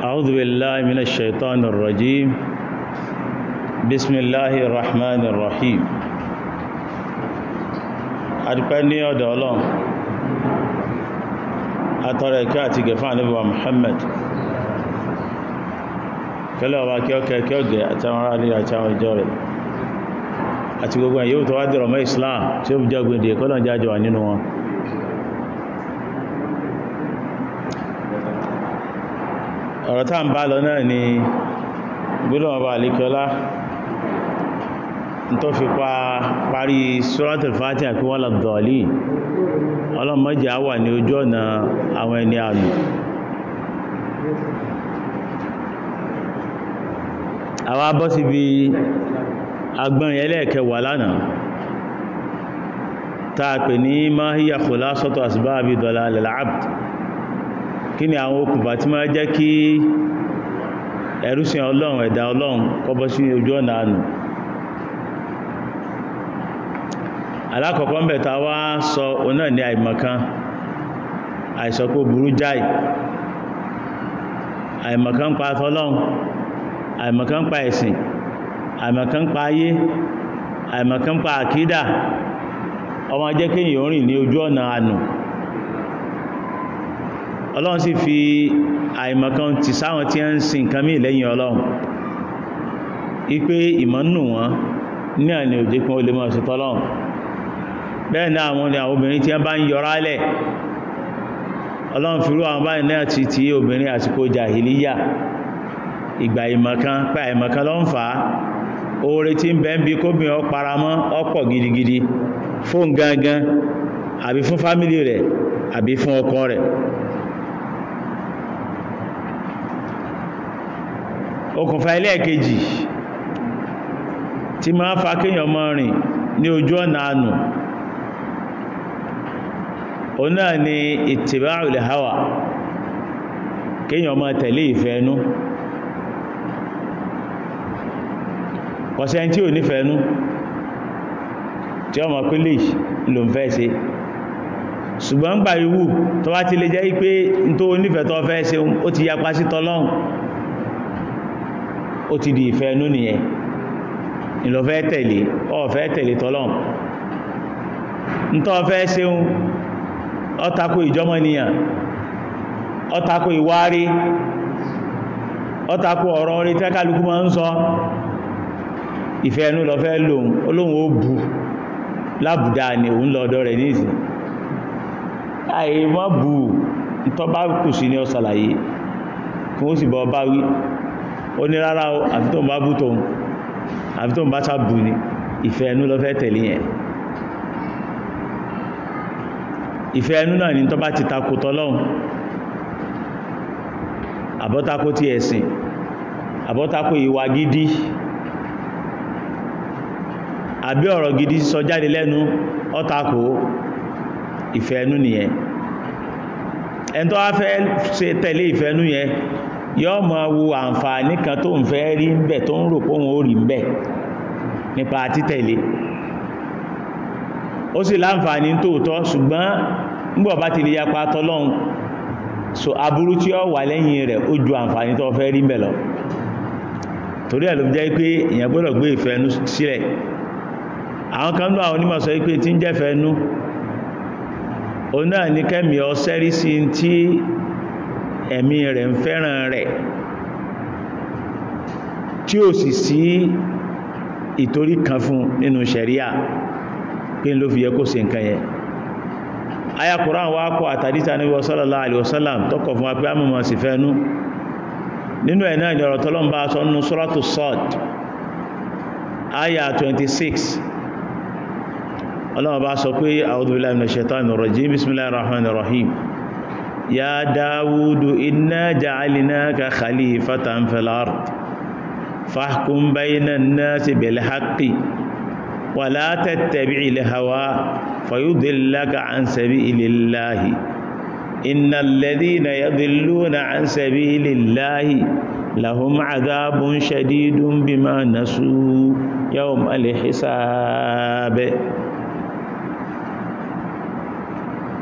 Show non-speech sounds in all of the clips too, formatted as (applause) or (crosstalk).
أعوذ بالله من الشيطان الرجيم بسم الله الرحمن الرحيم adúpẹ́ ní ọ̀dọ̀ ọlọ́run atọ́rọ أبو محمد gẹ̀fà níbíwa Muhammad kẹlẹ̀ ọba kí ọkẹ́ kí ọgẹ̀ àti àwọn ará nílẹ̀ àti àwọn ìjọ rẹ̀ àti gbogbo ẹ̀yẹ́ tó wá dìrọ̀mọ́ Islam tí ó bí jọ gbìndì ẹ̀kọ́lọ̀ jájọ wà nínú wọn ọ̀rọ̀ tá ń bá lọ náà ni gbọ́lọ̀wọ́ bá alékiọlá tó fi pa parí suratul Fatiha kí wọ́n lọ́dọ̀ọ̀lì ọlọ́mọdé a wà ní ojú ọ̀nà àwọn ẹni àlù àwa bọ́ síbi agbọ́n ẹlẹ́ẹ̀kẹwà lánàá tàà pè ní ma hiya khulasatu asbabi dalalil abd kí ni àwọn okùnfà tí máa jẹ́ kí ẹrúsìn ọlọ́run ẹ̀dà ọlọ́run kọ́bọ́ sí ojú ọ̀nà ànù alákọ̀ọ́kọ́ ń wá sọ oná ní àìmọ̀kan àìsọ̀kó burú jáì àìmọ̀kan pa tọ́lọ́run àìmọ̀kan pa ẹ̀sìn àìmọ̀kan pa ayé àìmọ̀kan pa àkídà ọmọ orin ní ojú ọ̀nà ọlọ́run sì fi àìmọ̀kan ti sáwọn tí a ń sin nǹkan mí lẹ́yìn ọlọ́run ipé ìmọ̀nù wọn ní àní òjékún olè mọ́ sí tọ́lọ́run bẹ́ẹ̀ náà àwọn ni àwọn obìnrin tí a bá ń yọra lẹ̀ ọlọ́run fìrú àwọn báyìí náà ti ti obìnrin àsìkò jàhìlíyà ìgbà ìmọ̀kan pẹ́ àìmọ̀kan ló ń fà á oore tí ń bẹ ń bi kóbìnrin ọparamọ́ ọ̀pọ̀ gidigidi fún gangan àbí fún fámílì rẹ̀ àbí fún ọkọ rẹ̀ okùnfà ẹlẹ́ẹ̀kejì tí máa fa kíyàn mọ́ rìn ní ojú ọ̀nà ànù o náà ni ittiba'ul hawa kíyàn mọ́ tẹ̀lé ìfẹ́nú kọ̀sẹ̀ tí ò tí ọmọ pílì ló ń fẹ́ ṣùgbọ́n gbà ìwú tó ti lè jẹ́ tó nífẹ́ tó fẹ́ ó ti di ìfẹ́ ẹnú nìyẹn ìlọ́fẹ́ tẹ̀lé ọ̀fẹ́ tẹ̀lé tọ́lọ́n ntọ́fẹ́ ṣeun ọ̀tako ìjọmọ́nìyàn ọ̀tako ìwárí ọ̀tako ọ̀rọ̀ orí tẹ́kálukú máa ń sọ ìfẹ́ ẹnú lọ́fẹ́ lòun olóhun ó bu lábùdá ni òun lọ́dọ́ rẹ̀ nísìn àìmọ́ bu ntọ́ bá kù sí ní ọ̀sàlàyé kí wọ́n sì bọ́ bá wí ó ní rárá o àfi tó ń bá bú tóun àfi tó ń bá sábù ni ìfẹ́ ẹnu lọ fẹ́ tẹ̀lé yẹn ìfẹ́ ẹnu náà ni tó bá ti takò tọ́lọ́hun àbọ́takò ti ẹ̀sìn àbọ́takò ìwà gidi àbí ọ̀rọ̀ gidi sọ jáde lẹ́nu ọ́takò ìfẹ́ ẹnu nìyẹn ẹni tó wá fẹ́ tẹ̀lé ìfẹ́ ẹnu yẹn yọ́ ma wo àǹfààní kan tó ń fẹ́ rí ń bẹ̀ tó ń rò póhun ó rí ń bẹ̀ nípa títẹ̀lé ó sì láǹfààní tóòtọ́ ṣùgbọ́n ngbọ̀ bá ti lè yapa tọ́lọ́un so aburú tí ó wà lẹ́yìn rẹ̀ ó ju àǹfààní tó fẹ́ rí ń bẹ̀ lọ torí ẹ̀ ló jẹ́ pé èèyàn gbọ́dọ̀ gbé ìfẹ́nu sílẹ̀ àwọn kan náà onímọ̀ sọ pé tí ń jẹ́fẹ́nu òun náà ní kẹ́mì ọ sẹ́rí sí tí ẹ̀mí rẹ̀ ń fẹ́ràn rẹ̀ tí ó sì sí ìtorí kan fún nínú ṣẹ̀ríà kí n ló fi yẹ kó ṣe nǹkan yẹn aya Qur'an wá kọ àtàdíta ní sallallahu alaihi wasallam tọ́kọ̀ fún apẹ́ àmọ́mọ́ sí fẹ́nú nínú ẹ̀ náà ìjọrọ̀ tọ́lọ́mbà sọ nínú suratu Sad aya 26 ọlọ́mọba sọ pé a'udhu billahi minash shaitanir rajim bismillahir rahmanir rahim يا داود إنا جعلناك خليفة في الأرض فاحكم بين الناس بالحق ولا تتبع الهوى فيضلك عن سبيل الله إن الذين يضلون عن سبيل الله لهم عذاب شديد بما نسوا يوم الحساب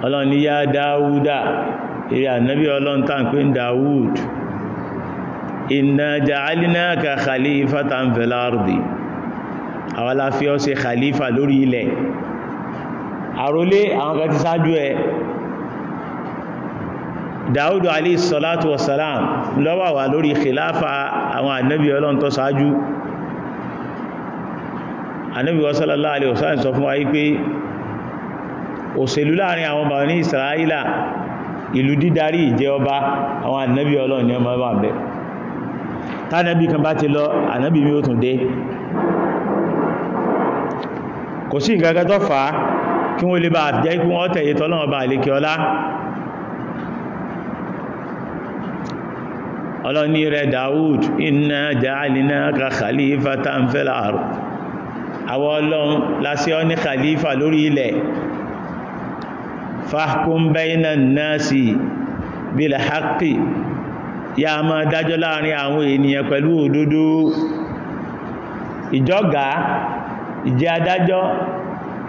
ọlọ́ni يا داود eré ànábí ọlọ́ntàn pé ń Dawud inna ja'alnaka khalifatan fil ardi àwọn aláfí ọ ṣe khalifa lórí ilẹ̀ àrólé àwọn kan ti sáájú ẹ Dawud alayhi salatu wasalam lọ́wà wà lórí khilafa àwọn ànábí ọlọ́ntọ́ sáájú ànábí sallallahu alayhi wasallam sọ fún wa pé òṣèlú láàrin àwọn bàwọn ní Isra'ila ìlú dídarí ìjẹ ọba àwọn ànábì ọlọ́run ni ọmọ wà bẹ́ tánàbí kan bá ti lọ ànábì mi ó tún dé kò sí ìgagá tó fà á kí wọ́n lè bá jẹ́ kí wọ́n tẹ̀yẹ tọ́lọ́run bá àlékẹ́ ọlá ọlọ́ni rẹ̀ fahkum bayna nasi bil haqqi ya ma dájọ́ láàrin àwọn ènìyàn pẹ̀lú òdodo ìjọ́gá ìjẹ́ adájọ́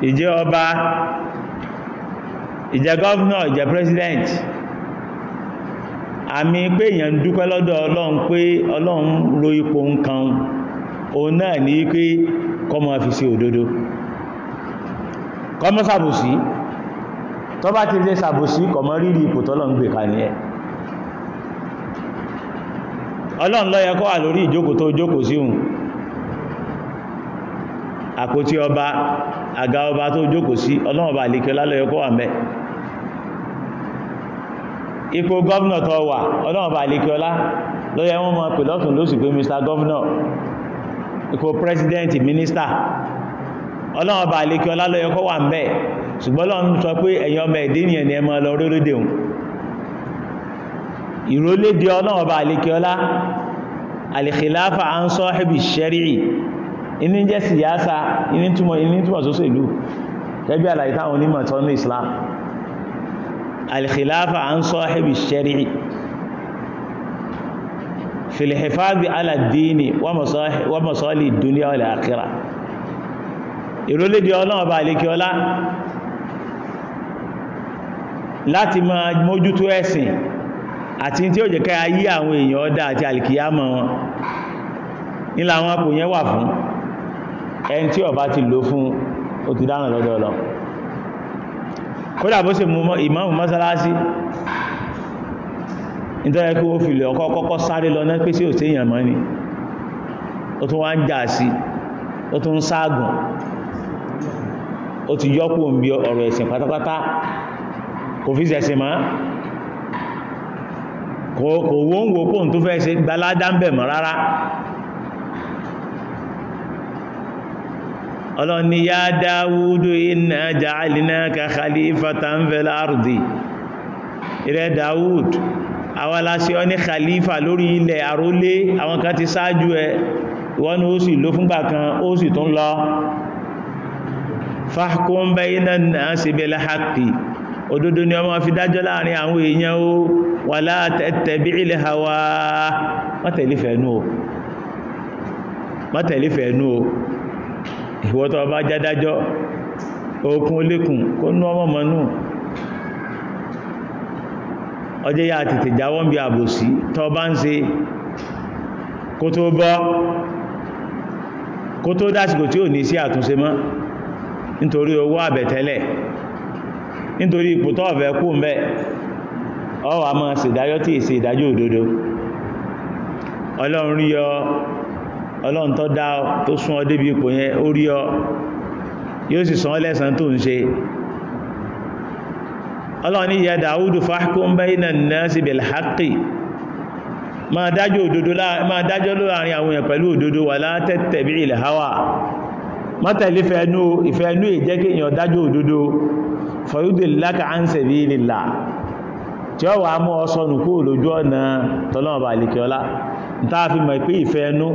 ìjẹ́ ọba ìjẹ́ gọ́vnà ìjẹ́ president àmì pé èèyàn dúpẹ́ lọ́dọ̀ ọlọ́run pé ọlọ́run ro ipò nǹkan òun náà ní pé kọmọ fi ṣe òdodo kọmọ ṣàbòsí tó bá ti lè ṣàbòsí kọ̀mọ́ rírì ipò tọ́lọ̀ ń gbé ka ní ẹ ọlọ́run lọ́yẹ kọ́ wà lórí ìjókòó tó jókòó sí òun àkótí ọba àga ọba tó jókòó sí ọlọ́run ọba àlèkè lọ́yẹ wọn mọ́ pè lọ́tún lóṣù pé mr Governor, ipò president minister ọlọ́run ọba àlèkè ọlá lọ́yẹ kọ́ wà mẹ́ ṣùgbọ́n Ọlọ́run sọ pé ẹ̀yin ọmọ ẹ̀dẹ́ ènìyàn ni ẹ máa lọ rólédè òun ìrólédè Ọlọ́run ọba àlekíọlá àlèkìláfà à ń sọ ẹbí ṣẹ́ríì inú jẹ́ síyáṣà inú túmọ̀ sóṣè ìlú gẹ́gẹ́ bí àlàyé táwọn onímọ̀ tọ́ ní Islam alkhilafa an sahibi shari'i fil hifadhi ala dini wa masahi wa masali dunya láti máa mójútó ẹ̀sìn àti tí ó jẹ́ ká ayé àwọn èèyàn ọdá àti alìkìyàmọ̀ wọn nílà àwọn apò yẹn wà fún ẹni tí ó bá ti lò fún ó ti dáràn lọ́dọ̀ lọ kódà bó ṣe mú ìmáàmù mọ́sálásí nítorí kí ọ̀rọ̀ ẹ̀sìn pátápátá kò fi sẹ̀sìn mọ́ kò wó ń wo kóhùn tó fẹ́ ṣe gbaládá ń bẹ̀ mọ́ rárá ọlọ́ni yá dáwúdú inna ja'alnaka khalifatan fil ardi ìrẹ́ dáwúd awalasi ọ ní khalifa lórí ilẹ̀ àrólé àwọn kan ti sáájú ẹ ìwọ́n ó sì ló fúngbà kan ó sì tún lọ fahkum bayna an-nasi bil haqqi Ododo ni ọmọ fi dájọ́ láàrin àwọn èèyàn ó wà látẹ̀tẹ̀bí ilẹ̀ hawa mọ́tẹ̀lífẹ̀ẹ́nú o mọ́tẹ̀lífẹ̀ẹ́nú o ìwọ́tọ̀ ọba jádájọ́ okun olékun kó nú ọmọ mọ́nú ọjẹ́ yá tètè jáwọ́ bí àbòsí tọ́ bá ń kó tó bọ́ kó tó dásìkò tí ò ní sí mọ́ nítorí owó àbẹ̀tẹ́lẹ̀ nítorí ipò tó ọ̀fẹ́ kú mẹ́ ọwà máa ṣèdájọ́ tí èsì ìdájọ́ òdodo ọlọ́run rí ọ ọlọ́run tó dá ọ tó sún ọ débi ipò yẹn ó rí ọ yóò sì san lẹ́san tó ń ṣe ọlọ́run yẹ dáúdù fahkum bayna nnasi bil haqqi máa dájọ́ òdodo máa dájọ́ láàrin fọ̀yúdè láka à ń sẹ̀bí ìlìlà tí ó wà mú ọsọnù kú lójú ọ̀nà tọ́lọ́ọ̀bà àlìkẹ́ọlá táà fi mọ̀ pé ìfẹ́ ẹnu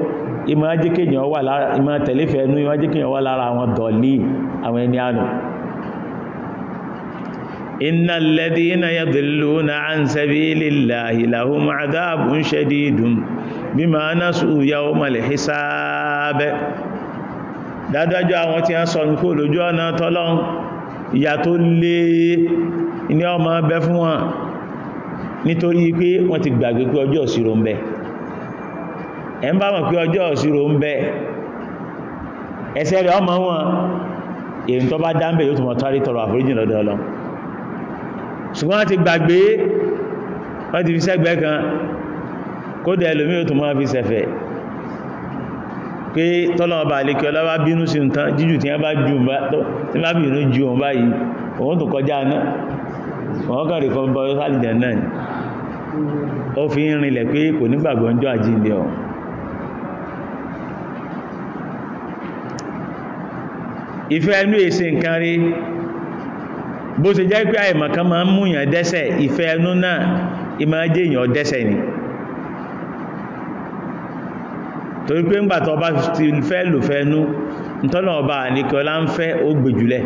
ìmọ̀ ajékèyàn wà lára ìmọ̀ tẹ̀léfẹ́ ẹnu ìmọ̀ ajékèyàn wà lára àwọn dọ̀lí àwọn ẹni ànù inna alladhina yadhilluna an sabilillahi lahum adhabun shadidun bima nasu yawmal hisab àwọn tí wọ́n sọnù kú lójú ọ̀nà tọ́lọ́hun ìyà tó lé ní ọmọ bẹ fún wọn nítorí pé wọ́n ti gbàgbé pé ọjọ́ ìṣirò ń bẹ ẹ ń bá wọn pé ọjọ́ ìṣirò ń bẹ ẹsẹ̀ rẹ̀ ọmọ wọn èyí tó bá dáńbẹ̀ yóò tó mọ̀ tọ́rí tọrọ àforíjìn lọ́dọ̀ Ọlọ́run ṣùgbọ́n wọ́n ti gbàgbé wọ́n ti fi sẹ́gbẹ́ kan kódà ẹlòmí yóò tó mọ́ fi sẹ̀fẹ̀ pé tọ́lọ́ọba àlékẹ́ ọlọ́wà bínú sí nǹkan jíjù tí a bá bínú ju òun báyìí òun tó kọjá náà wọ́n kàrí kan bọ́ sálìjẹ̀ náà ó fi ń rinlẹ̀ pé kò nígbàgbọ́ ń jọ àjíǹde ọ̀ ìfẹ́ ẹnu èsì nǹkan rí bó ṣe jẹ́ pé àìmọ̀kan máa ń múyàn dẹ́ṣẹ̀ ìfẹ́ ẹnu náà ìmọ̀ èèyàn dẹ́ṣẹ̀ ni torí pé ń gbàtọ̀ ọba ti fẹ́ lò fẹ́nu ntọ́nà ọba àníkọ́ lá ń fẹ́ ó gbèjùlẹ̀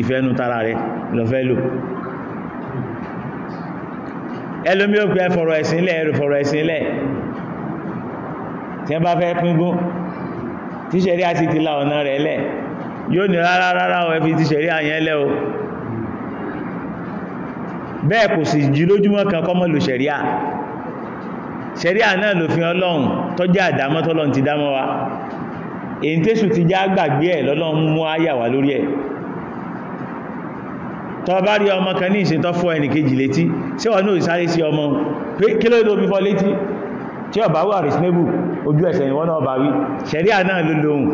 ìfẹ́nu tara rẹ̀ lọ fẹ́ lò ẹlòmí ò pé fọ̀rọ̀ ẹ̀sìn lẹ̀ ẹ̀rù fọ̀rọ̀ ẹ̀sìn lẹ̀ tí ẹ bá fẹ́ pínpín tíṣẹ̀rí àti ti la ọ̀nà rẹ̀ lẹ̀ yóò ní rárá rárá ọ̀ tíṣẹ̀rí àyẹn o bẹ́ẹ̀ kò sì jí lójúmọ́ kan kọ́mọ́ lò ṣẹ̀ríà náà lòfin ọlọ́run tó jẹ́ àdámọ́ tọ́lọ́run ti dámọ́ wa èyí tẹ́sù ti já gbàgbé ẹ̀ lọ́lọ́run mú àyà wà lórí ẹ̀ tó bá rí ọmọ kan ní ìṣẹ́tọ́ fún ẹnì kejì létí ṣé wọ́n náà sáré sí ọmọ pé kí fọ́ létí tí ó wà reasonable ojú ẹsẹ̀ ìwọ́n náà bá wí ṣẹ̀ríà náà ló lóhun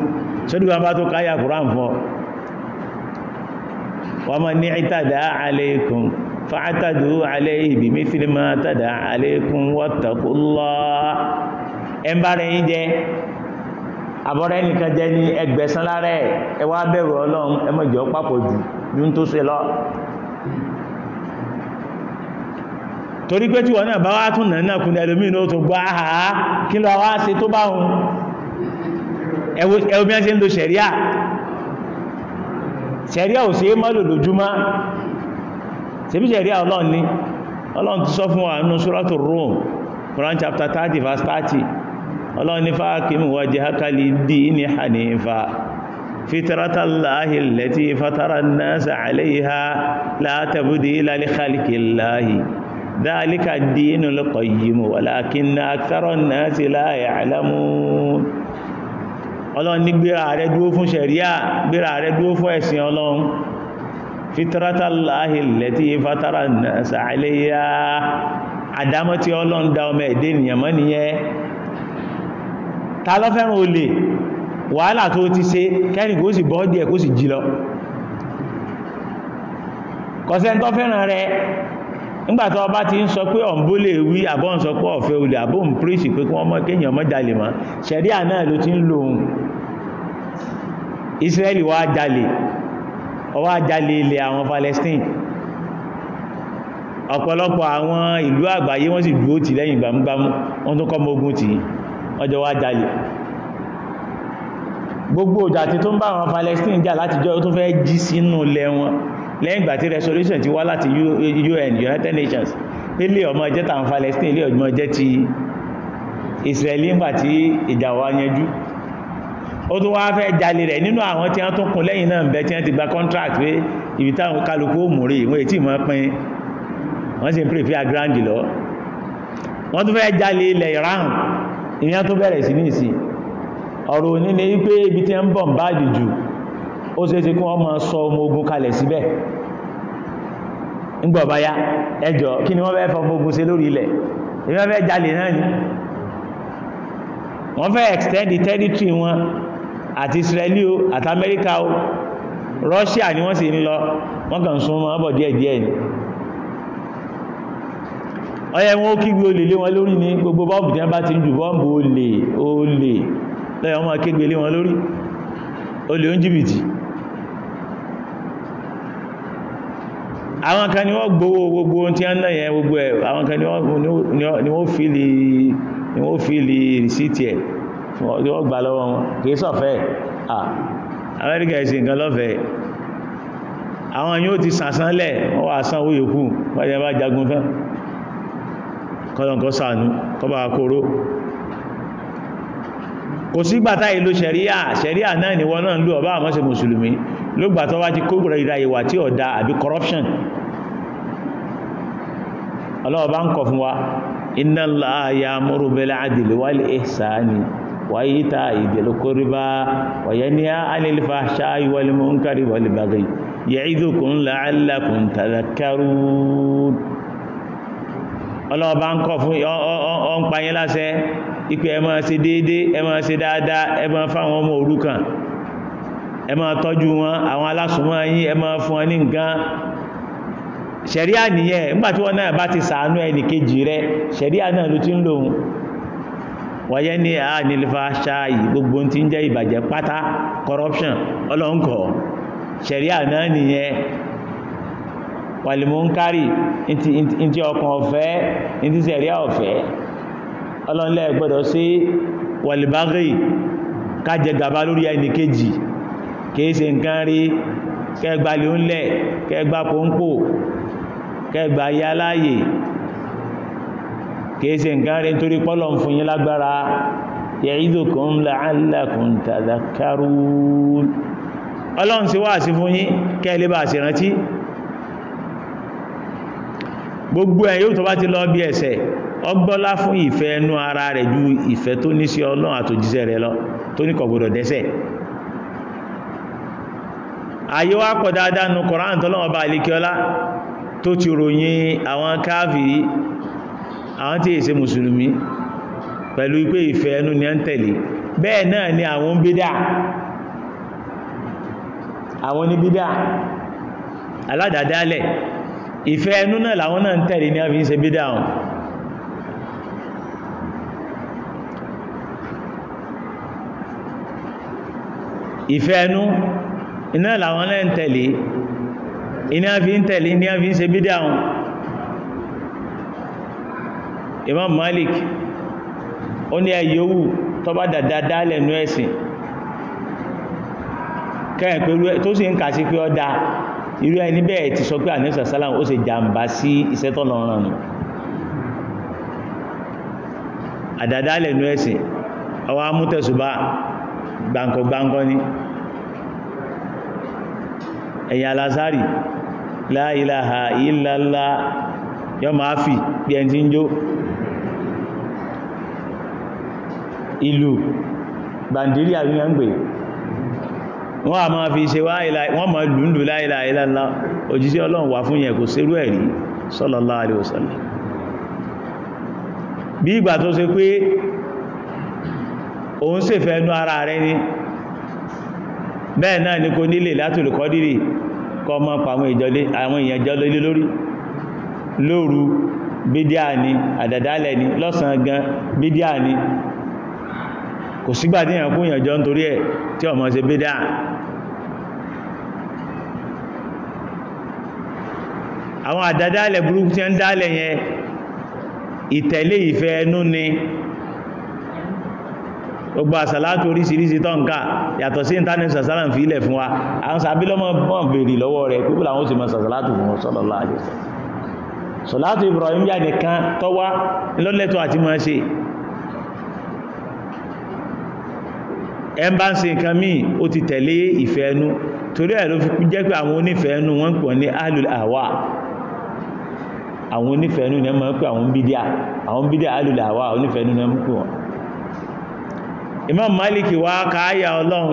wọn bá tó káyà kùrán fún ọ wọ́n mọ̀ ní ìtàdá alaykum fàátàdù alẹ́ ìbí mẹ́fìlì máa tàdà alẹ́kùn wọ́tàkùnlọ́ ẹmbárẹ̀ yí jẹ́ àbọ̀rẹ́ nìkan jẹ́ ní ẹgbẹ̀sán lárẹ̀ ẹwà bẹ̀rù ọlọ́run ẹmọ̀jọ́ papọ̀ jù ní tó ṣe lọ torí pé tí wọ́n náà bá wá tún náà náà kún ẹlòmí ní ó tún gbá àá kí lọ wá ṣe tó bá hun ẹwọ́ bí wọ́n ń lo ṣẹ̀ríà ṣẹ̀ríà ò sí mọ́lò lójúmọ́ tẹ́bí ṣẹ̀rí ọlọ́run ní ọlọ́run ti sọ fún wa nínú ṣúrọ́tù Rum Quran chapter 30 verse 30 ọlọ́run ní fáàkìmù wajhaka lid-dini hanifa fitratallahi allati fatara an-nasa 'alayha la tabdila li khalqillahi dhalika ad-dinul qayyim walakinna akthara an-nasi la ya'lamun ọlọ́run ní gbéra rẹ̀ dúó fún ṣẹ̀ríà gbéra rẹ̀ dúó fún ẹ̀sìn ọlọ́run fitratalahi lẹ́tí fatara sàálẹ́yà àdámọ́ tí ọlọ́run dá ọmọ nìyẹn ta lọ fẹ́ràn olè wàhálà tó ti ṣe kẹ́rin kó sì bọ́ díẹ̀ kó sì jí lọ kọsẹ́ntọ́ rẹ nígbàtọ́ ọba ti ń sọ pé ọ̀n bó lè wí àbọ́ ń sọ pé ọ̀fẹ́ olè ń pé ọmọ kéèyàn jalè mọ́ náà ló ti ń lòun ọwá jalè ilẹ̀ àwọn Palestine ọ̀pọ̀lọpọ̀ àwọn ìlú àgbáyé wọ́n sì dúró tì lẹ́yìn gbàmúgbàmú wọ́n tún kọ́ mogun tì ọjọ́ wá jalè gbogbo òjàtí tó ń bá àwọn Palestine jà látijọ́ tó fẹ́ jí sínú ilẹ̀ lẹ́yìn ìgbà tí resolution ti wá láti UN United Nations ilé ọmọ jẹ́ tàwọn Palestine ilé ọmọ jẹ́ ti Israeli ńgbà tí ìjà wa yanjú ó tó wá fẹ́ jalè rẹ̀ nínú àwọn tí wọ́n tún kún lẹ́yìn náà bẹ tí wọ́n ti gba contract pé ibi táwọn kálukú ó mú rí ìwọ̀n ètí mọ́ pín wọ́n sì ń pè fíà grand lọ wọ́n tún fẹ́ jalè ilẹ̀ Iran ìyẹn tó bẹ̀rẹ̀ sí ní ìsìn ọ̀rọ̀ òní ni wípé ibi tí ń bọ̀ ń bá jù ó ṣe é ṣe kí wọ́n máa sọ ọmọ ogun kalẹ̀ síbẹ̀ ńgbọ̀ bá yá ẹjọ́ kí ni wọ́n fẹ́ fọ ọmọ ogun ṣe lórí ilẹ̀ ìwọ́n fẹ́ jalè náà ni wọ́n fẹ́ extend the territory wọn àti Israeli o àti Amẹ́ríkà o Russia ni wọ́n sì ń lọ wọ́n kàn sún mọ́ ọbọ̀ díẹ̀ díẹ̀ ni ọyẹ wọn ó kígbe olè lé wọn lórí ní gbogbo bọ́ọ̀bù tí wọ́n bá ti ń jù bọ́ọ̀bù olè olè lọ́yẹ̀ wọn kígbe lé wọn lórí olè ń jìbìtì àwọn kan ni wọ́n gbowó gbogbo tí wọ́n náà yẹn gbogbo ẹ̀ àwọn kan ni wọ́n fi lè rìsíìtì ẹ̀ wọ́n gbà lọ́wọ́ wọn kìí sọ̀fẹ́ amẹ́ríkà ìsìn nǹkan lọ́fẹ̀ẹ́ àwọn yóò ti sàsánlẹ̀ wọ́n wà sán owó yòókù wáyé bá jagun tán kọ́lọ̀nkọ́ sànú kọba kóró kò sí gbàtà ìlò ṣẹ̀ríà ṣẹ̀ríà náà ni wọ́n náà ń lò ọba àmọ́sẹ̀ mùsùlùmí ló gbàtọ́ wá ti kó ìrà ìwà tí ọ̀dá àbí corruption ọlọ́ọ̀bá ń kọ̀ fún wa inna Allaha ya'muru bil 'adli wal ihsani wàyíta ìdèlókóríbá وينهى عن الفحشاء والمنكر والبغي يعظكم لعلكم làálàkùn tàlákàrú ọlọ́ọ̀bá ń kọ́ fún ọ́n payẹ́ láṣẹ ipẹ́ ẹ máa ṣe déédé ẹ máa ṣe dáadáa ẹ máa fáwọn ọmọ òrukàn ẹ máa tọ́jú wọn àwọn alásùnmọ́ yín ẹ máa fún wọn ní nǹkan ṣẹ̀ríà nìyẹn nígbàtí wọ́n náà bá ti ṣàánú ẹnìkejì rẹ ṣẹ̀ríà náà ló ti ń lòun wáyẹ́ ní àánilfà ṣáàyì gbogbo tí ń jẹ́ ìbàjẹ́ pátá corruption ọlọ́nkọ̀ ṣẹ̀ríà náà nìyẹn wàlìmúnkárì ìtí ọkàn ọ̀fẹ́ ìtí ṣẹ̀ríà ọ̀fẹ́ ọlọ́nlẹ̀ gbọ́dọ̀ sí wàlìbágì kájẹ gàba lórí ẹni kejì kìí ṣe nǹkan rí kẹgbà lè ń lẹ̀ kẹgbà pọ́ńpò kẹgbà yá kèése nǹkan rí nítorí pọ́lọ̀ fún yín lágbára ya'idukum la'allakum tadhakkarun ọlọ́run sí wáàsí fún yín kẹ́lé bá sì rántí gbogbo ẹ̀ yóò tó bá ti lọ bí ẹsẹ̀ ọgbọ́lá fún ìfẹ́ ẹnu ara rẹ̀ ju ìfẹ́ tó ní sí ọlọ́run àtòjíṣẹ́ rẹ̀ lọ tó ní kò gbọdọ̀ ayé wá pọ̀ dáadáa nu Kùránì tọ́lọ́wọ́ bá àlékiọlá tó ti ròyìn àwọn káàfìrí àwọn tí èsẹ mùsùlùmí pẹ̀lú pé ìfẹ́ ẹnu ni a ń tẹ̀lé bẹ́ẹ̀ náà ni àwọn bídá àwọn ní bídá aládàdálẹ̀ ìfẹ́ ẹnu náà làwọn náà ń tẹ̀lé ní a fi ń ṣe bídá wọn ìfẹ́ ẹnu iná làwọn náà ń tẹ̀lé iná fi ń tẹ̀lé ní a fi ń ṣe bídá wọn Imam Malik ó ní ẹ̀yọ́wù tó bá dàdá dálẹ̀ nú ẹ̀sìn kẹ́ẹ̀pẹ̀lú tó sì ń kà sí pé ọdá irú ẹni bẹ́ẹ̀ ti sọ pé àníṣà sálàm ó ṣe jàǹbá sí iṣẹ́ tọ́nà ọ̀ràn nù àdàdálẹ̀ nú ẹ̀sìn ọwọ́ amútẹ̀sùbá gbàǹkọ̀gbàǹkọ́ ni ẹ̀yìn alásárì la ilaha illallah yọ máa fi bí ẹni tí ń jó ìlú bàndírí àríyàngbè wọ́n a máa fi ṣe wọ́n máa lùndù la ilaha illallah òjíṣẹ́ ọlọ́run wà fún yẹn kò sérú ẹ̀rí sallallahu alaihi wasallam bí ìgbà tó ṣe pé òun sì fẹ́ ẹnu ara rẹ̀ ní bẹ́ẹ̀ náà ní kò nílè látòlùkọ́ dìrì kọ mọ́ pa àwọn èèyàn jọ lé lórí lóru bídíà ni àdàdálẹ̀ ni lọ́sàn gan bídíà ni kò sígbà tí èèyàn kúnyàn jọ nítorí ẹ̀ tí ọmọ ṣe bídà àwọn àdádálẹ̀ burúkú tí ó ń dálẹ̀ yẹn ìtẹ̀lé ìfẹ́ ẹnú ni gbogbo àsàlátù oríṣiríṣi tọ́nkà yàtọ̀ sí ìntánẹ̀ sàsálà ń fi ilẹ̀ fún wa àwọn Ibrahim yà nìkan tọ́wá lọ́lẹ́tọ̀ àti mọ́ ẹ bá ń ṣe nǹkan míì ó ti tẹ̀lé ìfẹ́ ẹnu torí ẹ̀ ló fi jẹ́ pé àwọn onífẹ́ ẹnu wọ́n ń pọ̀ ní alul àwa àwọn onífẹ́ ẹnu ni ẹ máa ń pè àwọn bídíà àwọn bídíà alul onífẹ́ ẹnu ni ẹ ń Imam Malik wá káyà ọlọ́run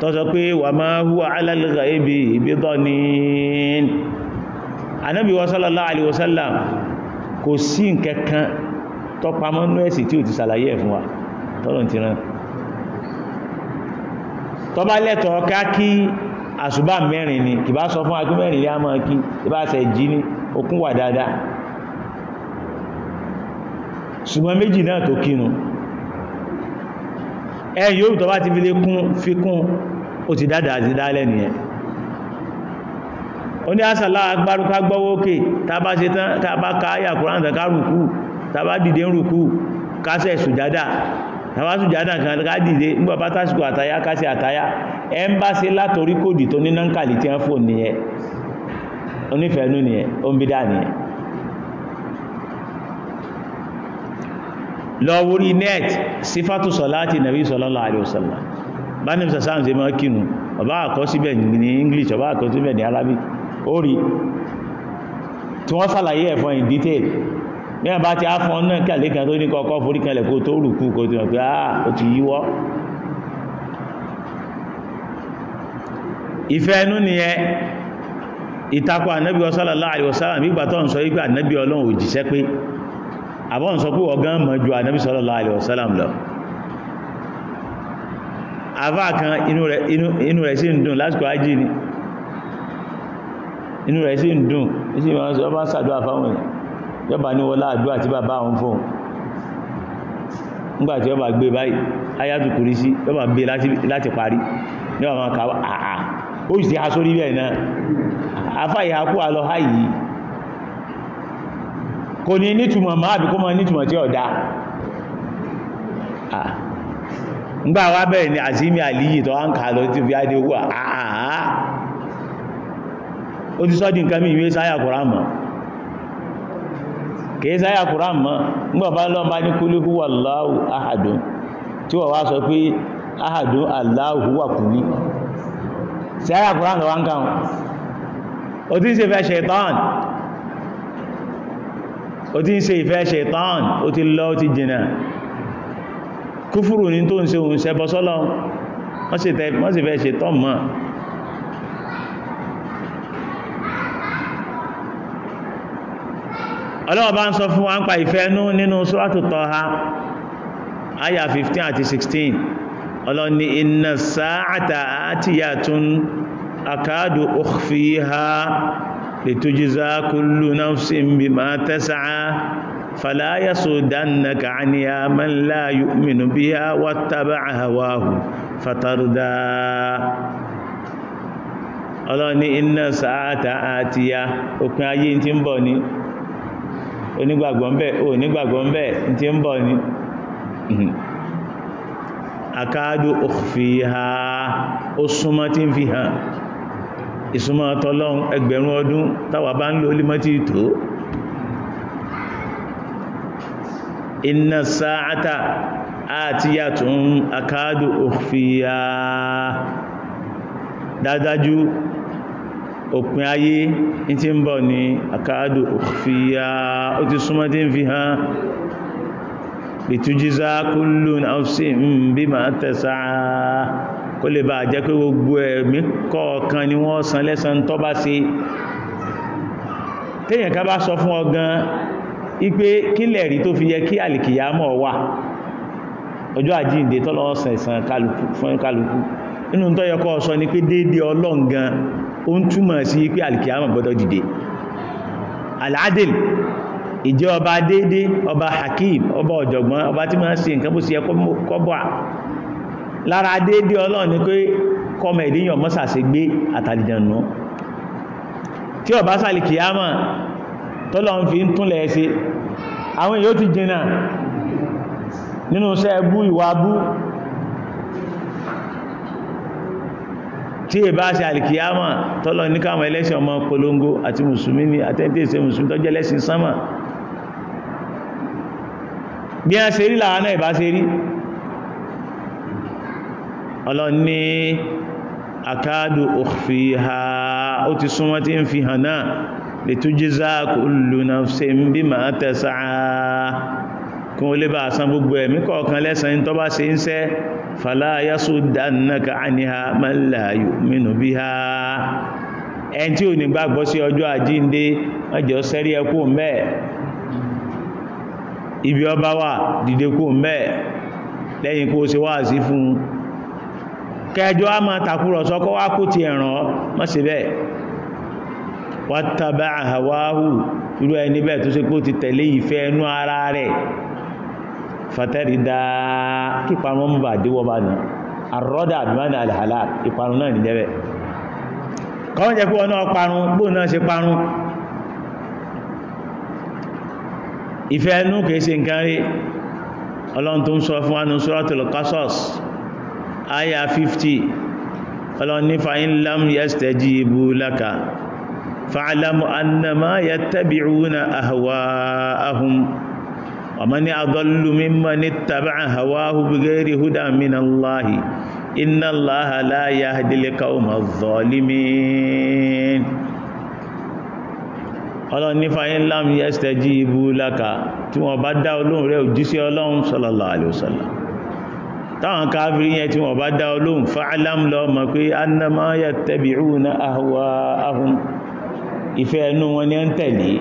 tó pé wà máa huwa ala al-ghaibi bidanin anábì wa sallallahu kò sí nǹkan kan nú ẹ̀sì tí ò ti ṣàlàyé ẹ̀ wa tọ́lọ̀ ti rán tó bá lẹ́tọ̀ọ́ ká kí àṣùbà mẹ́rin ni kì bá sọ fún akí mẹ́rin ilé àmọ́ kí ìbá sẹ̀ jí ní okún wà dáadáa ṣùgbọ́n méjì náà tó kínu ẹ yóò tó bá ti fi lé kún fi kún ó ti dáadáa ti dálẹ̀ nìyẹn ó ní àṣàlá agbárúká gbọ́wọ́ òkè tàbá ṣe tán tàbá ká yà kúrán tàbá dìde rùkú kásẹ̀ sùjádà tàbátù jádà kan ká dìde nígbà bá tásìkò àtayá kásì àtayá ẹ ń bá ṣe látorí kòdì tó níná ń kàlì tí wọ́n fò nìyẹn onífẹ̀ẹ́nú nìyẹn ó ń bí dà nìyẹn lọ wórí net sífàtù sọ̀láti nàbí sallallahu alaihi wasallam bá ní sọ sáàmù sí mọ́ kínú ọba àkọsíbẹ̀ ní English ọba àkọsíbẹ̀ ní Arabic ó rí tí wọ́n sàlàyé ẹ̀fọn in detail bí wọ́n bá ti á fọn náà kàlẹ́ kan tó ní kọ́kọ́ forí kanlẹ̀ kó tó rùkú kó tó pé áà ó ti yíwọ́ ìfẹ́ ẹnu nìyẹn ìtakọ̀ ànábì sallallahu alaihi wasallam nígbà tó ń sọ wípé ànábì ọlọ́run òjìṣẹ́ pé àbọ̀ ń sọ pé ọ̀gán mọ̀ ju ànábì sallallahu alaihi wasallam lọ àbá kan inú rẹ̀ sí ń dùn lásìkò ajé ni inú rẹ̀ sí ń dùn ìsìn ìwọ̀n ọba sàdọ́ àfáwọn èèyàn yọba ní wọlá àdúrà àti bàbá àwọn fún nígbà tí gbé báyìí rí sí yọba gbé láti parí ní ọmọ kàwà àà ó sì ha sórí náà ha yi kò ní kó tí ọ̀dá bẹ̀rẹ̀ ni àzími àlìyí tó wọ́n kà lọ tí fi àà ó ti sọ́dí nǹkan ìwé kìí sáyà kùrán mọ́ nígbàbá lọ́mbá ní kúlúkú wà láàrù ahàdùn tí wọ́n wá sọ pé ahàdùn aláàrù wà kúlí sáyà kùrán lọ wá ń káwọn o ti ń ṣe fẹ́ ṣẹ̀tán o ti ń ṣe ìfẹ́ ṣẹ̀tán o ní ọlọ́wọ́ bá ń sọ fún wa ń pa ìfẹ́ nú nínú Suratu Taha aya 15 àti 16 ọlọ́ni inna sa'ata atiyatun akadu ukhfiha litujza kullu nafsin bima tas'a fala yasudannaka 'anha man la yu'minu biha wattaba'a hawahu fatarda ọlọ́ni inna sa'ata atiya òpin ayé tí ń bọ̀ ni onígbàgbọ́ ń bẹ̀ onígbàgbọ́ ń bẹ̀ tí ń bọ̀ ni akadu mhm. ukhfiha ó súnmọ́ tí ń fi hàn ìsúnmọ́ tọ́lọ́un ẹgbẹ̀rún ọdún táwà bá ń lò límọ́ tí tó inna sa'ata atiyatun akadu ukhfiha dájájú òpin ayé ní tí ń bọ̀ ní àkáàdù òfíyà ó ti súnmọ́ tí ń fi hàn ìtújíza kúlù náàfsí bí ma tẹ̀sà kó lè bá jẹ́ pé gbogbo ẹ̀mí kọ̀ọ̀kan ni wọ́n san lẹ́san tó bá ṣe téèyàn ká bá sọ fún ọ gan ipé kílẹ̀ rí tó fi yẹ kí àlìkìyàmọ̀ wà ọjọ́ àjíǹde tọ́lọ́ọ̀sán ìsàn kálukú fún kálukú inú tó sọ ni pé déédéé ọlọ́ǹgan ó ń túmọ̀ sí pé alkiyama gbọ́dọ̀ dìde aláàdìl ìjẹ́ ọba dédé ọba hakim ọba ọ̀jọ̀gbọ́n ọba tí máa ń ṣe nǹkan bó ṣe kọ́bọ̀ lára dédé ọlọ́run ni pé kọmọ ìdíyàn mọ́sàsí gbé àtàlìjànú tí ọba sàlìkìyàmà tọ́lọ̀ ń fi ń túnlẹ̀ ẹsẹ àwọn èyí ó ti jìnà nínú iṣẹ́ ẹbú ìwà abú tí è bá ṣe alìkìyàmà tọ́lọ ní káwọn ẹlẹ́sìn ọmọ polongo àti mùsùlùmí ni àtẹ́ntẹ́sẹ̀ mùsùlùmí tọ́jẹ́ lẹ́sìn sánmà bí a ṣe rí làwọn náà ìbá ṣe rí ọlọ́ni akadu ukhfiha ó ti súnmọ́ tí ń fi hàn náà lè tó jẹ́ záà kullu nafsin bima tasaa kí wọ́n lè bá san gbogbo ẹ̀mí kọ̀ọ̀kan lẹ́san tó bá ṣe ń sẹ́ fàlá yasuddannaka anha man la yu'minu biha ẹn tí ò ní gbàgbọ́ sí ọjọ́ àjíǹde ọjọ́ sẹ́rí ẹkú mẹ́ ibi ọba wà dìde kú mẹ́ lẹ́yìn kó ṣe wáàsí fún kẹjọ a máa tàkúrọ̀sọ kọ́ wá kó ti ẹ̀ràn mọ́ sí bẹ́ẹ̀ wattaba hawahu irú ẹni bẹ́ẹ̀ tó ṣe kó ti tẹ̀lé ìfẹ́ ẹnu ara rẹ̀ fàtẹ́rì dáa kí ìparun mọ́ bá díwọ́ bá ní àrọ́dà àbímánà àlàhàlà ìparun náà nìjẹ́bẹ̀ kọ́wọ́n jẹ́ pé wọn náà parun bóò náà ṣe parun ìfẹ́ ẹnu kìí ṣe nǹkan rí ọlọ́run tó ń sọ fún wánú suratul Qasas aya 50 ọlọ́run ní fa'in lam yastajibu laka fa'alamu annama yattabi'una ahwa'ahum ahùn ومن أضل ممن اتبع هواه بغير هدى من الله إن الله لا يهدي القوم الظالمين ọlọ́run ní fàyín láàmù yẹ́sẹ̀jì ibú láka tí wọ́n bá dá olóhùn rẹ̀ òjíṣẹ́ ọlọ́run sallallahu alaihi wasallam táwọn káàfìrí yẹn tí wọ́n bá dá olóhùn fa'alam ni ń tẹ̀lé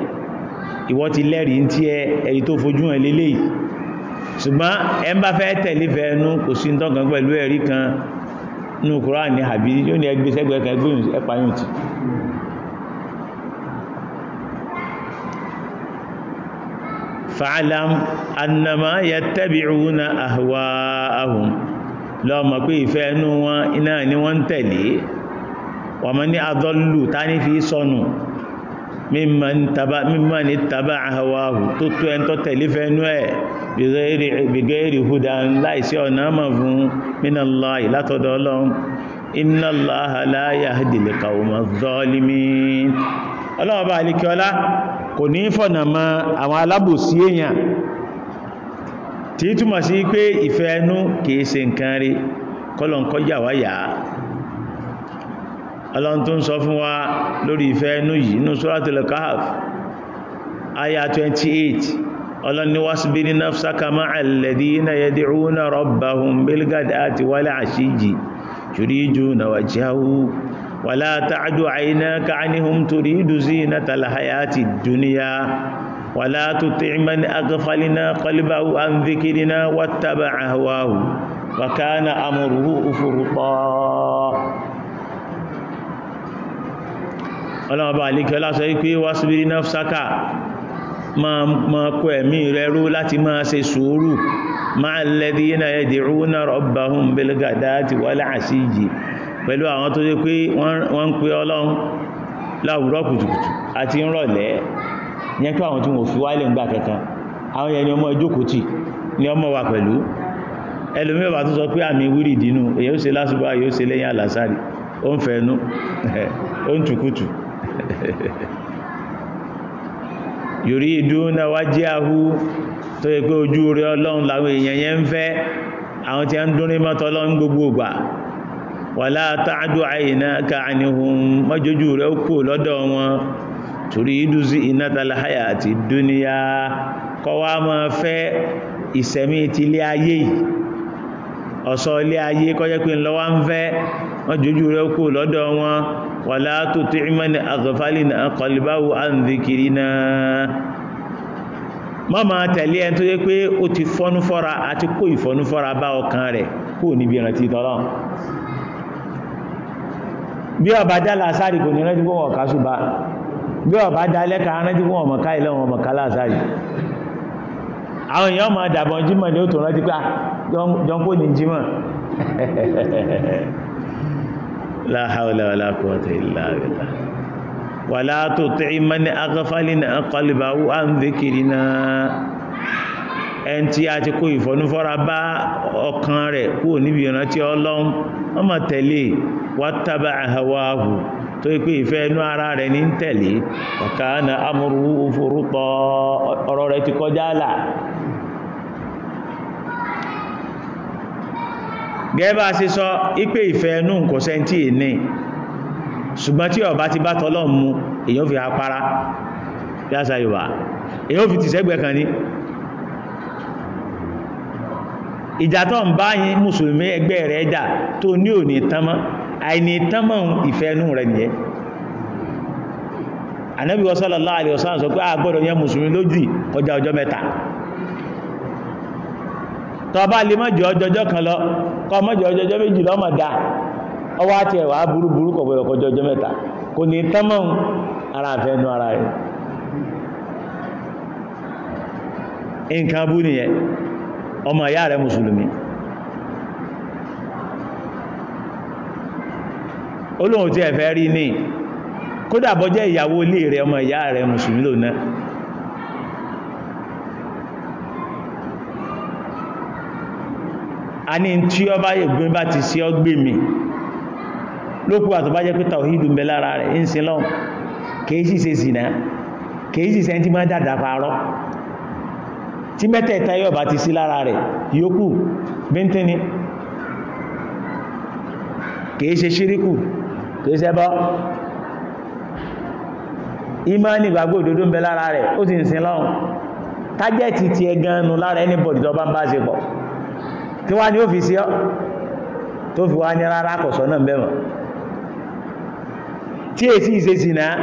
ìwọ ti lẹ́rìí ń tí ẹ ẹ̀rí tó fojú hàn lélẹ́yìí ṣùgbọ́n ẹ ń bá fẹ́ tẹ̀lé fẹ́ ẹnu kò sí ǹtọ́kan pẹ̀lú ẹ̀rí kan nínú Kùránì ní àbí yóò ní ẹgbẹ́ sẹ́gbẹ́ kan ẹgbẹ́ ẹ̀pà yóò ti fa'alam annama yattabi'una ahwa'ahum lọ mọ̀ pé ìfẹ́ ẹnu wọn iná ni wọ́n tẹ̀lé wa man adallu ta ní fi sọnù mímọ̀ ní tàbá àhàwáhù tó tó ẹn tó tẹ̀lé fẹ́nú ẹ̀ bìgẹ́rì húdà láìsí ọ̀nà mọ̀ fún minallahi látọ̀dọ̀ ọlọ́run innallaha la yahdil qawma zalimin ọlọ́run bá alikiola kò ní fọ̀nà mọ́ àwọn alábòsí èèyàn tí túmọ̀ sí pé ìfẹ́ ẹnu kìí ṣe nǹkan ọlọ́run tó ń sọ fún wa lórí ìfẹ́ inú yìí inú Suratul Kahf aya 28 ọlọ́ni wasbiri nafsaka ma'al ladina yad'una rabbahum bilgadati wal ashiji yuriduna wajhahu wala ta'du 'aynaka 'anhum turidu zinatal hayatid dunya wala tuti' man qalbahu an dhikrina wattaba'a wa kana amruhu furuta ọlọ́ọ̀bá àlékẹ́ ọlásọ wípé wasbiri nafsaka ma kó ẹ̀mí rẹ ró láti máa ṣe sùúrù máa lẹ́dí yínà yad'una rabbahum bilgadati wal asiyyi pẹ̀lú àwọn tó dé pé wọ́n ń pè ọlọ́run láwùrọ̀ kùtùkùtù ó ń fẹ̀ẹ́nú (laughs) ó ń tùkùtù (laughs) yuriduna wajhahu tó yẹ pé ojú rẹ ọlọ́run làwọn èèyàn yẹn ń fẹ́ àwọn tí a ń dúnrí mọ́tọ́ ń gbogbo ògbà Wà ta'du aynaka anhum mọ́jójú rẹ̀ ó kò lọ́dọ̀ wọn ma fẹ́ ìsẹ̀mí ti ayé ayé pé ń fẹ́ rẹ̀ ó kò lọ́dọ̀ wàlá tó tí ìmọ̀ni àgọ̀fálìnà kọlùbáwò àǹdìkìrínà má máa tẹ̀lé ẹni tó yẹ pé ó ti fọ́nú fọ́ra kó ìfọ́nú fọ́ra bá ọkàn rẹ̀ kó níbi ìrántí tọ́lọ́ bí ọba dá làásàrì kò ní rántí fún ọ̀ká ṣùgbà bí ọba dá lẹ́ka rántí wọn àwọn èèyàn máa jímọ̀ ó tó rántí لا حول ولا قوة إلا بالله ولا tuti من aghfalna قلبه an dhikrina ẹn tí a ti kó ìfọ̀núfọ́ra bá ọkàn rẹ̀ kúrò níbi ìrántí Ọlọ́run ọmọ tẹ̀lé e. wattaba hawahu tó pé ìfẹ́ inú ara rẹ̀ ní tẹ̀lé wa kana amruhu furuta ọ̀rọ̀ rẹ̀ ti kọjá là gẹ́bà sí sọ ipé ìfẹ́ ẹnú nǹkan sẹ́ntì ní ṣùgbọ́n tí ọba ti bá tọ́lọ̀ èyàn fi apara yásá yóò wà èyàn fi tìṣẹ́gbẹ̀ kan ní ìjà ń bá yín mùsùlùmí ẹgbẹ́ rẹ̀ jà tó ní òní tánmọ́ àìní tánmọ́ ìfẹ́ ẹnú rẹ̀ nìyẹn ànábì kọ mọ́jọ ọjọ́jọ́ méjì lọ́mọ̀ dá ọwọ́ àti ẹ̀wà burú burú kọ̀bọ̀lọ̀ mẹ́ta kò ní tán ara àfẹ́nu ara rẹ̀ nǹkan bú nìyẹn ọmọ ìyá rẹ̀ musulmi olóhun ẹ̀fẹ́ rí ní kódà ìyàwó a ní tí ọ bá yẹ̀gbẹ́ bá ti sí ọgbẹ́ mi lókù àtọ́ bá jẹ́ pé tàwíìdù ń bẹ lára rẹ̀ ń sin lọ́n kìí sì ṣe sìnà kìí sì sẹ́ntí máa dàdà parọ́ tí mẹ́tẹ̀ẹ̀ta yọ̀ bá ti sí lára rẹ̀ yókù bíntínní kìí ṣe ṣíríkù kìí ṣe bọ́ ìmánì ìgbàgbọ́ òdodo ń bẹ lára rẹ̀ ó sì ń sin lọ́n tájẹ́ẹ̀tì ti ẹgan nu lára ẹnìbọ̀dì tó bá ń bá ṣe pọ̀ tí wá ní ó fi sí ọ́ tó fi wá ní rárá kọ̀sọ́ náà bẹ́mọ̀ tí èsì ìsesì náà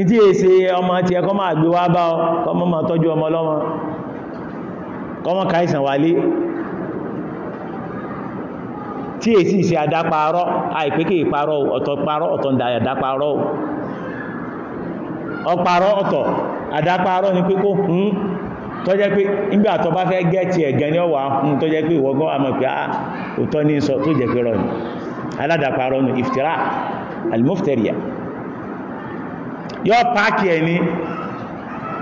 ìdí èsì ọmọ tí ẹkọ́ máa gbé wá bá ọ kọmọ máa tọ́jú ọmọ lọ́mọ kọmọ káìsàn wálé tí èsì ìsẹ àdáparọ́ àìpékè ìparọ́ ọ̀tọ̀ parọ́ ọ̀tọ̀ àdáparọ́ ọparọ́ ọ̀tọ̀ àdáparọ́ ni pé kó hún tó jẹ́ pé nígbà tó bá fẹ́ gẹ́ẹ̀tì ẹ̀gẹ́ ní ọwà mú tó jẹ́ pé ìwọ̀gọ́ àmọ̀ pé á ah, òtọ́ ní sọ tó jẹ́ pé rọrùn aládàparọ́ nù ìfìtìrà alimọ́fìtẹ̀ríà yọ páàkì ẹ̀ ní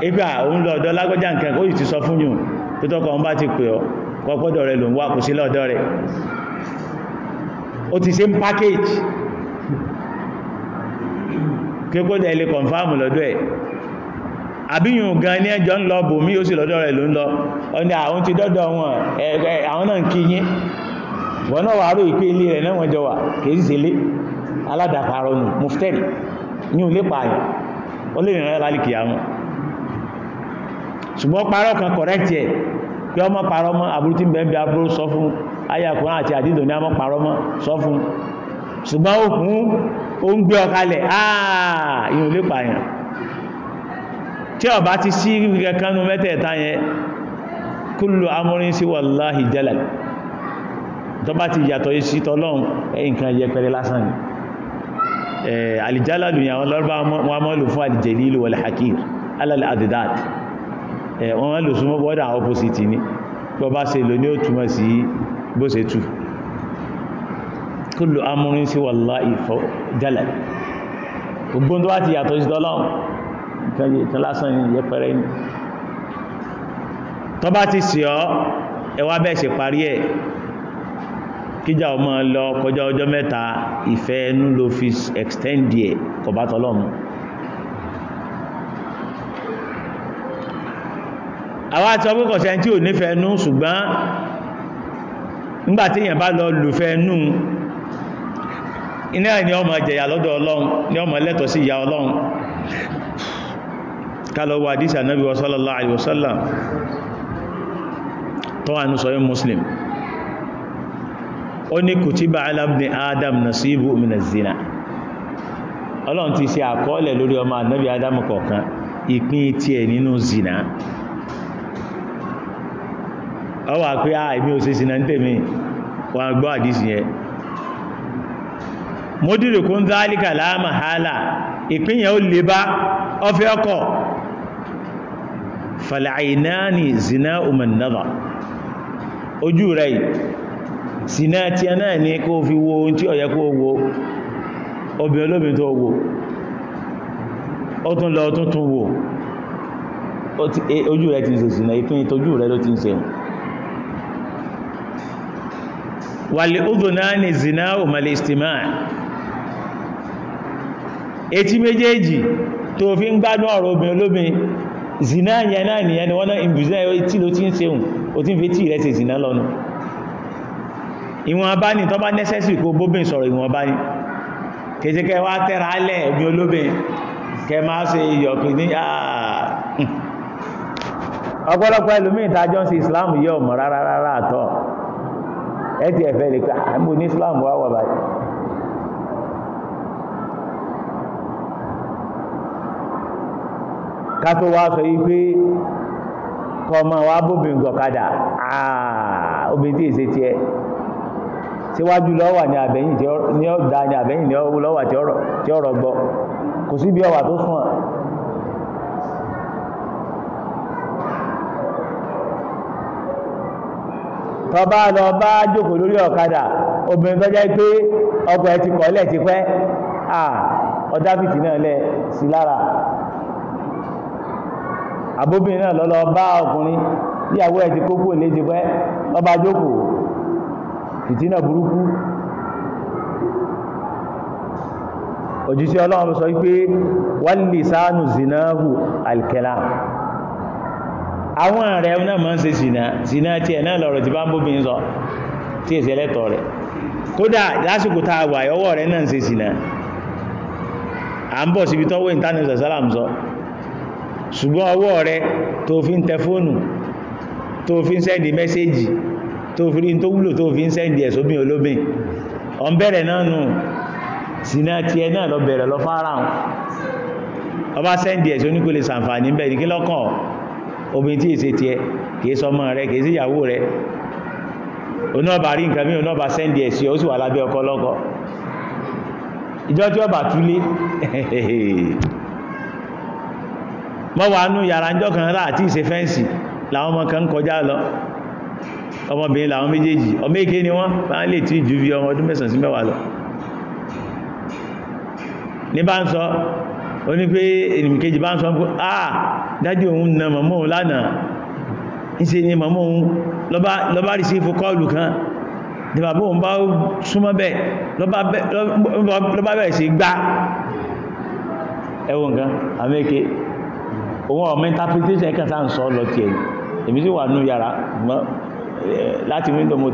ibi àwọn lọ́dọ̀ lágbọ́já nǹkan ó yìí ti sọ fún yùn tó tọ́kọ̀ ń bá ti pè ọ́ kọ́pọ́dọ̀ rẹ̀ ló ń wá kò sí lọ́dọ̀ rẹ̀ ó ti ṣe ń pákéjì kékó ní ẹlẹ́ kọ̀nfàmù lọ́dọ̀ ẹ̀ àbíyùn gan ní ẹjọ́ ń lọ bò mí ó sì lọ́dọ̀ rẹ̀ ló ń lọ ọ̀nà àwọn ti dọ́dọ̀ wọn àwọn náà ń kí yín wọn náà wàá rò ìpé ilé rẹ̀ náà wọ́n jọ wà kìí sì lé aládàparọ̀ nù muftẹ́rì ní ilé pààyàn ó lè rìnrìn lálìkì àwọn ṣùgbọ́n parọ́ kan kọ̀rẹ́tì ẹ̀ pé ọmọ parọ́ mọ́ àbúrú tí ń bẹ́ẹ̀ bí aburú sọ fún ayàkùnrin àti àdídò ní ọmọ parọ́ mọ́ sọ fún ṣùgbọ́n òkun ó ń gbé ọkalẹ̀ àà ìhùn lè pààyàn tí ó bá ti sí kankanú mẹ́tẹ̀ẹ̀ta yẹn kullu amrin sí wallahi jalal tó bá ti yàtọ̀ sí tọ́lọ́run nǹkan yẹpẹrẹ lásán aljalalu yàwọn lọ́rọ̀bá wọn mọ́ lò fún aljalilu wal hakir alal adidat wọn sí bó ṣe tú kullu tó bá ti yàtọ̀ sí tọ́lọ́run nǹkan yìí kan lásán ní ìyẹpẹrẹ ní tó bá ti sì ọ́ ẹwà bẹ́ẹ̀ ṣe parí ẹ̀ kíjà ọmọ lọ kọjá ọjọ́ mẹ́ta ìfẹ́ ẹnu ló fi extend ẹ̀ kò bá tọ́lọ́mù àwọn àti ọgbẹ́ kọ̀ṣẹ́ tí ò nífẹ̀ẹ́ ẹnu ṣùgbọ́n nígbàtí èèyàn bá lọ lùfẹ́ ẹnu iná ni ọmọ jẹ̀yà lọ́dọ̀ ọlọ́run ni ọmọ lẹ́tọ̀ sí ìyà ọlọ́run kálọ̀wọ́ àdísì ànábí wa sallallahu alaihi wasallam tó wà ní sọ́yìn muslim ó ní kutiba ala ibn adam nasibu min az-zina ọlọ́run ti ṣe àkọọ́lẹ̀ lórí ọmọ ànábí adam kọ̀ọ̀kan ìpín tí ẹ̀ nínú zina ọ wà pé a ìmí òsè zina ń tèmi wà gbọ́ àdísì yẹn mọ́dìrì kún dhalika la mahala ìpín ó le bá ọfẹ́ ọkọ̀ fàlàìnáàni zina umar ojú rẹ̀ zina tí a náà ní kó fi wo ohun tí ọ̀yẹ́ kó wo obìnrin olóbin tó wo lọ tún wo e, ojú rẹ̀ ti ṣe zina ìpín ìtọ́jú rẹ̀ ló ti ń ṣe wàlì udhunani zina yẹn náà nìyẹn na ọ na ìbùsẹ̀ etí ló na ń seun o ti ń fi etí rẹ̀ ṣe zina lọ́nu ìwọ̀n bá ní tó bá nẹ́sẹ̀sì kó bóbìn sọ̀rọ̀ ìwọ̀n bá ní kèsì kẹ wá tẹ́ra alẹ́ ẹ̀bí olóbìn kẹ máa ṣe ìyọ̀kì ní àà ah. ọ̀pọ̀lọpọ̀ ẹlòmíì ìtajọ́ sí Islam yẹ ọmọ rárá rárá àtọ̀ ẹ ti ẹ̀fẹ́ lè ká mo ní Islam wá wà báyìí ká tó wá sọ yí pé kọmọ wa bóbin gọ̀kadà àà obin tí èsè tí síwájú lọ́wà ni àbẹ̀yìn ní ọ̀dá ní àbẹ̀yìn ní lọ́wà tí ọ̀rọ̀ gbọ́ kò sí bí ọwà tó sùn tọba lọ bá jókòó lórí ọ̀kadà obìnrin tó jẹ́ pé ọkọ̀ ẹ̀ ti kọ̀ọ́lẹ̀ ti pẹ́ ọ̀dá náà lẹ̀ sí lára àbóbìnrin náà lọ́lọ́ bá ọkùnrin níyàwó ẹ̀ ti kókò lé ti pẹ́ ọba jókòó fìtínà burúkú òjíṣẹ́ ọlọ́run sọ wípé wálì sáánù zinahu alkẹ́lá àwọn rẹ̀ náà máa ń ṣe zina zina tí ẹ̀ náà lọ́rọ̀ tí bá ń bóbin sọ tí èsì ẹlẹ́tọ̀ rẹ̀ kódà lásìkò tá ọwọ́ rẹ̀ náà ń ṣe zina à ń bọ̀ síbi tọ́wọ́ ìtánẹ̀sọ̀ sálàm ṣùgbọ́n ọwọ́ rẹ tó fi ń tẹ fóònù tó fi ń sẹ́ndì mẹ́sẹ́jì tó fi rí tó wúlò tó fi ń sẹ́ndì ẹ̀sóbìn olóbìn ọ̀n bẹ̀rẹ̀ náà nù sínà tí ẹ náà lọ bẹ̀rẹ̀ lọ fárahùn ọba sẹ́ndì ẹ̀sí oníkòlè sàǹfààní bẹ̀rẹ̀ kí lọ́kàn obìn tí èsè tiẹ̀ kìí sọmọ rẹ kìí sí ìyàwó rẹ onáàbà rí nǹkan mí onáàbà sẹ́ndì ẹ̀sí ó sì wà lábẹ́ ọkọ lọ́kọ ìjọ tí ọba túlé (laughs) mọ́ wà nú yàrá ń jọ́kan rà àti ìṣe fẹ́ǹsì làwọn ọmọ kan kọjá lọ ọmọbìnrin làwọn méjèèjì ọmọ èké ni wọ́n bá ń lè tí ju bí ọmọ ọdún mẹ́sàn sí mẹ́wàá lọ ní bá ń sọ ó ní pé ènìyàn bá ń sọ pé ah dájú òun na mọ̀mọ́ òun lánàá ìṣe ni mọ̀mọ́ òun lọ́bá rí sí fún kọlù kan ní bàbá òun bá súnmọ́ bẹ́ẹ̀ lọ́bá bẹ̀rẹ̀ sí gbá ẹwọ nǹkan àmẹ́kẹ́ òun ọmọ interpretation ẹ̀kan sáà ń sọ lọ tiẹ̀ èmi sì wà nú yàrá mọ́ láti ti ń gbọ́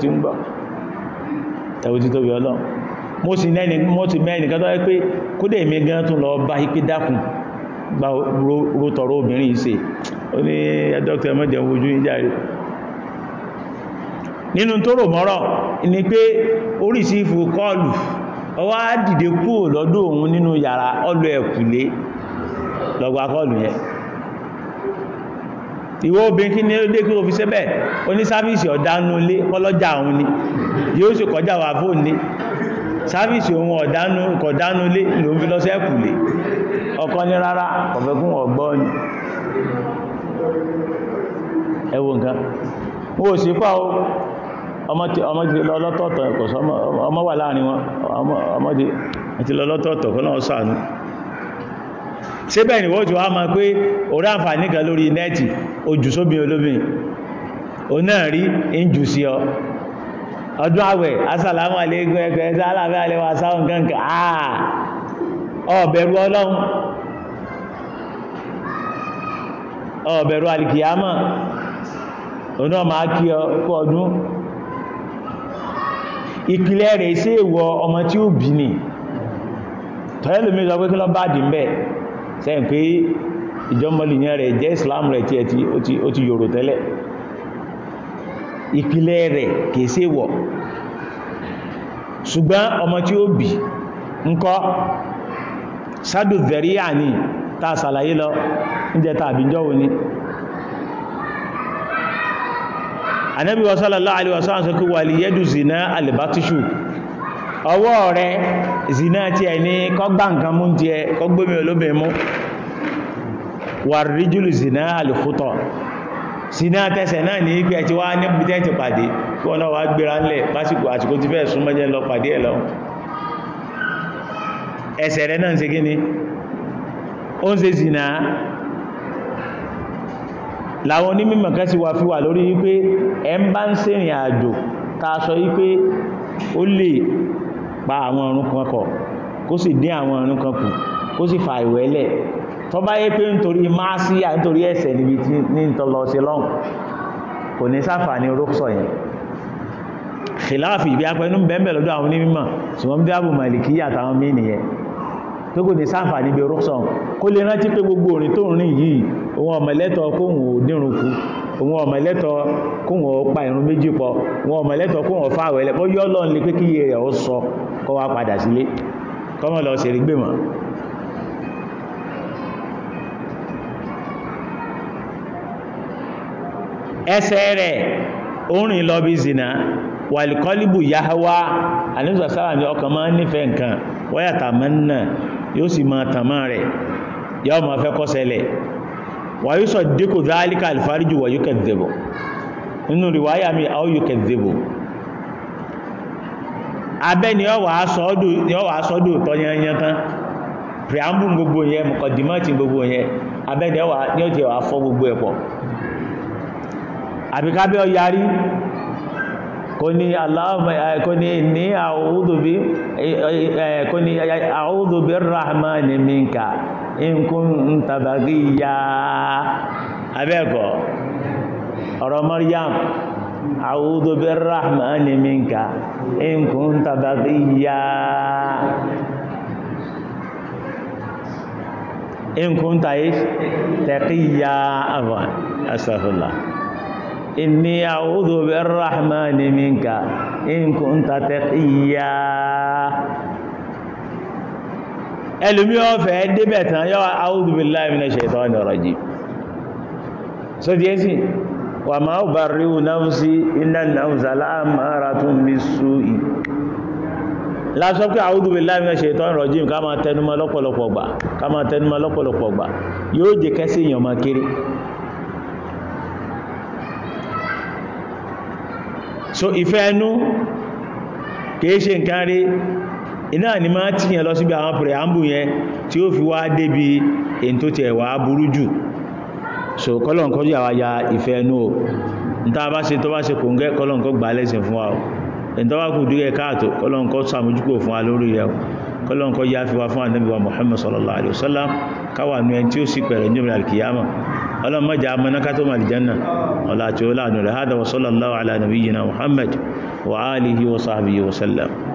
ẹ̀wọ́ ti tóbi ọlọ́run mo sì lẹ́ni mo ti mẹ́rin kan tó pé kódé mi gan tún lọ bá ipé dákun gba obìnrin ó ní ojú nínú ni pé oríṣi ìfò kọlù ìwọ obìnrin kí ní ó dé kí o fi ṣe bẹ́ẹ̀ oní sáfíìsì ọ̀dánú lé kọ́lọ́jà òun ni yóò ṣe kọjá wà fóun ní sáfíìsì òun ọ̀dánú kọ̀dánú lé ló fi lọ sẹ́kù lé ọkọ ní rárá ọ̀fẹ́ kún ọgbọ́ ni ẹwọ nǹkan wọn ò sí pa ó ọmọdé ti lọ lọ́tọ̀ọ̀tọ̀ ẹ̀kọ́ sọ ọmọ wà láàrin wọn ọmọdé ti lọ lọ́tọ̀ọ̀tọ̀ kọ́ náà sànú síbẹ̀ ni wọ́n jù wá máa pé orí àǹfààní kan lórí nẹ́ẹ̀tì ojú sóbin olóbin o náà rí injù sí ọ ọdún àwẹ̀ asàlámù àléégún ẹgbẹ́ ẹgbẹ́ alábẹ́ alẹ́wà sáwọn kankan àà ọ̀bẹ̀rù ọlọ́run ọ̀bẹ̀rù alìkìyàmọ̀ òun náà máa kí ọ kú ọdún ìpìlẹ̀ rẹ̀ sí èèwọ̀ ọmọ tí ó bí ni tọ́lẹ́lùmí sọ pé kí lọ bá dì ń sẹ́yìn pé ìjọmọlìyàn rẹ̀ jẹ́ islam rẹ̀ tí ẹ ti ó ti yòrò tẹ́lẹ̀ ìpìlẹ̀ rẹ̀ kèsè wọ̀ ṣùgbọ́n ọmọ tí ó bì ńkọ́ sádù zẹ̀ríyà ni ta sàlàyé lọ níjẹ tàbí jọ́wọ́ ni anábíwọ̀ sallallahu alaihi wasallam sọ kí wà lè yẹ́dù zina alìbátíṣù ọwọ́ rẹ̀ zina ti ẹ̀ ní kọgbà nǹkan mú ti ẹ kọgbómi olóbìn mú wàríjúlù zina alìkútọ̀ zina tẹ́sẹ̀ náà ní ìgbẹ̀ tí wá ní pìtẹ́ ti pàdé kí wọ́n náà wá gbéra ńlẹ̀ lásìkò àsìkò ti fẹ́ súnmọ́jẹ́ lọ pàdé ẹ̀ lọ ẹsẹ̀ rẹ̀ náà ń ṣe pa àwọn ọrùn kan pọ̀ kó sì dín àwọn ọrùn kan kù kó sì fa ìwẹ́lẹ̀ tó bá yẹ pé nítorí máa sí ànítorí ẹ̀ṣẹ̀ níbi tí ní ìtọ́lọ ṣe lọ́hùn kò ní sáfàní orókùsọ̀ yẹn kìláàfì ìbí apẹnú bẹ́ẹ̀bẹ̀ lọ́dọ̀ àwọn onímọ̀ ṣùgbọ́n bí àbù màlìkí àtàwọn míì nìyẹn tó kò ní sáfà níbi orókùsọ̀ kó lè rántí pé gbogbo orin tó rìn yìí òun ọ̀mọ̀lẹ́tọ̀ kóhùn ò dírun kù òun ọ̀mọ̀lẹ́tọ̀ kóhùn ò pa ìrun méjì pọ̀ òun ọ̀mọ̀lẹ́tọ̀ kóhùn ò fáwẹ̀lẹ̀ bó yọ́ lọ́n lè pé kíyè rẹ̀ ó sọ kọ́ wá padà sílé kọ́mọ̀ lọ sí rígbè mọ́ ẹsẹ̀ rẹ̀ orin lọ bí zina wàlìkọ́líbù yáháwá àníṣà sára ní ọkàn máa nífẹ̀ẹ́ nǹkan wáyàtà mẹ́nà yóò sì máa tàmá rẹ̀ yóò máa fẹ́ kọ́sẹ̀lẹ̀ wàyúsọ̀ díkò dáálíkà alfáríjù wàyúkẹ̀ dẹ̀bọ̀ nínú ríwáyà mi àwọ́yúkẹ̀ dẹ̀bọ̀ abẹ́ ni ọwà sọ́dọ̀ tọ́ yẹnyẹn tán preamble gbogbo yẹn mọ̀kọ̀dìmọ́tì gbogbo yẹn abẹ́ ni ọwà ní ọjọ́ wà fọ́ gbogbo ẹ̀pọ̀ àbíkábẹ́ ọyarí kò ní a'udhu birrahmani minka in kunta baghiya abẹ́ẹ̀kọ́ ọ̀rọ̀ a'udhu birrahmani minka in kunta taqiyya in kunta taqiyya afwan astaghfirullah inni a'udhu birrahmani minka in kunta taqiyya ẹlùmí ọ̀fẹ́ débẹ̀ tán yọ́ a'udhu billahi minash shaitani rajim so díẹ̀ wà máa bà ríhù náà sí iná náà láàmára tún bí sú ì lásán pé àwọn olùgbé láàmì ṣe ìtọ́ ìrọ̀jìm ká máa tẹnumọ́ lọ́pọ̀lọpọ̀ gbà ká máa tẹnumọ́ lọ́pọ̀lọpọ̀ gbà yóò jẹ kẹsí èèyàn máa kéré so ìfẹ́ ẹnu kìí ṣe nǹkan rí iná ni máa tíyàn lọ síbi àwọn pẹ̀rẹ̀ àmbù yẹn tí ó fi wá débi èyí tó tiẹ̀ wá burú jù so kọ́lọ̀n kọjú àwa ya ìfẹ́ ẹnu o níta bá ṣe tó bá ṣe kò ń gẹ́ kọ́lọ̀n kọ́ gbà lẹ́sìn fún wa o ẹni tó bá kù dúró káàtó kọ́lọ̀n kọ́ sàmójúkò fún wa lórí rẹ̀ kọ́lọ̀n kọ́ yá fi wa fún ànábì wa Muhammad sallallahu alaihi wasallam káwà nu ẹni tí ó sì pẹ̀rẹ̀ ní ìmìlẹ̀ alkiyama ọlọ́n mọ́jà amọ́náká tó màlì janna ọlá àti ọlá àdùn rẹ̀ hádà wa sallallahu ala nabiyyina Muhammad wa alihi wa sahbihi wa sallam